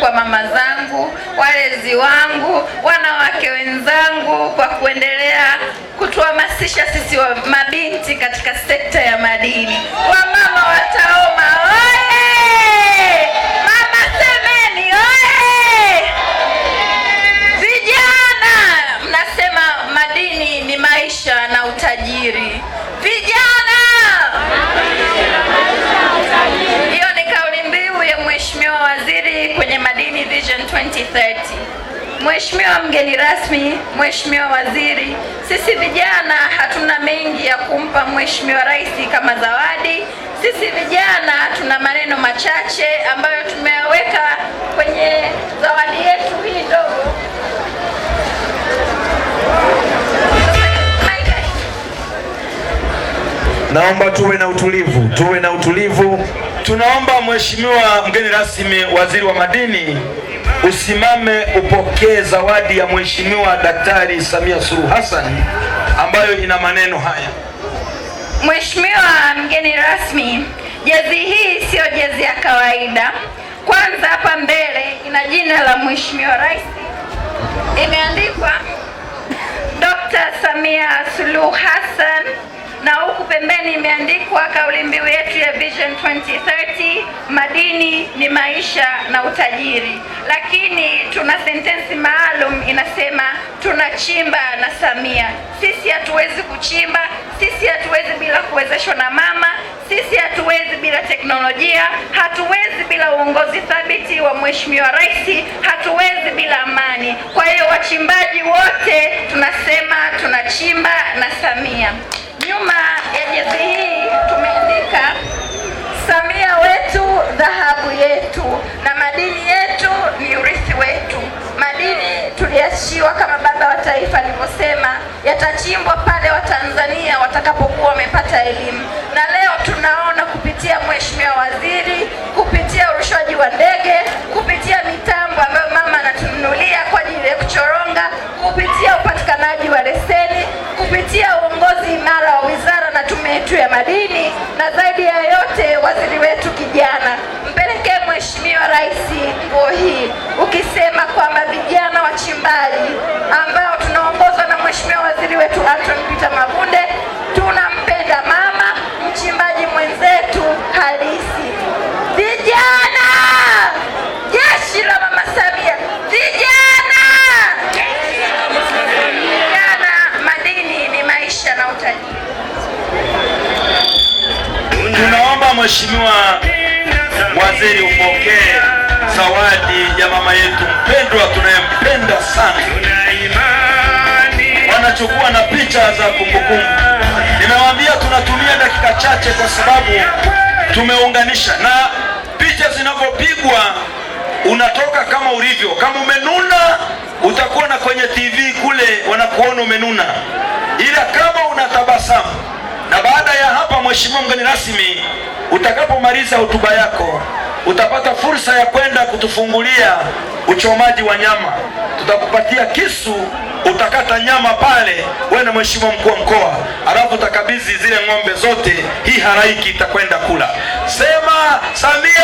kwa mama zangu, walezi wangu, wanawake wenzangu kwa kuendelea kutuhamasisha sisi wa mabinti katika sekta ya madini. Wamama wataomba. Mheshimiwa mgeni rasmi, Mheshimiwa Waziri, sisi vijana hatuna mengi ya kumpa Mheshimiwa Rais kama zawadi. Sisi vijana tuna maneno machache ambayo tumeyaweka kwenye zawadi yetu hii ndogo. Naomba tuwe na utulivu, tuwe na utulivu. Tunaomba Mheshimiwa mgeni rasmi, Waziri wa Madini usimame upokee zawadi ya Mheshimiwa Daktari Samia Suluhu Hassan ambayo ina maneno haya. Mheshimiwa mgeni rasmi, jezi hii siyo jezi ya kawaida. Kwanza hapa mbele ina jina la Mheshimiwa Rais, imeandikwa Dr. Samia Suluhu imeandikwa kauli mbiu yetu ya Vision 2030, madini ni maisha na utajiri, lakini tuna sentensi maalum inasema tunachimba na Samia. Sisi hatuwezi kuchimba, sisi hatuwezi bila kuwezeshwa na mama, sisi hatuwezi bila teknolojia, hatuwezi bila uongozi thabiti wa Mheshimiwa Rais, hatuwezi bila amani. Kwa hiyo wachimbaji wote tunasema tunachimba na Samia. Nyuma ya jezi hii tumeandika Samia wetu, dhahabu yetu, na madini yetu ni urithi wetu. Madini tuliachiwa kama baba wa taifa alivyosema, yatachimbwa pale Watanzania watakapokuwa wamepata elimu, na leo tunaona kupitia mheshimiwa waziri, kupitia urushwaji wa ndege, kupitia mitambo ambayo mama anatununulia kwa ajili ya kuchoronga, kupitia upatikanaji wa leseni, kupitia uongozi imara wa wizara na tume yetu ya madini, na zaidi ya yote waziri wetu kijana Mheshimiwa Waziri, upokee zawadi ya mama yetu mpendwa tunayempenda sana. Wanachukua na picha za kumbukumbu. Nimewaambia tunatumia dakika chache kwa sababu tumeunganisha, na picha zinavyopigwa unatoka kama ulivyo. Kama umenuna utakuwa na kwenye TV kule wanakuona umenuna, ila kama unatabasamu na baada ya hapa, mheshimiwa mgeni rasmi, utakapomaliza hotuba yako utapata fursa ya kwenda kutufungulia uchomaji wa nyama. Tutakupatia kisu, utakata nyama pale wewe na mheshimiwa mkuu wa mkoa, alafu utakabidhi zile ng'ombe zote, hii haraiki itakwenda kula. Sema Samia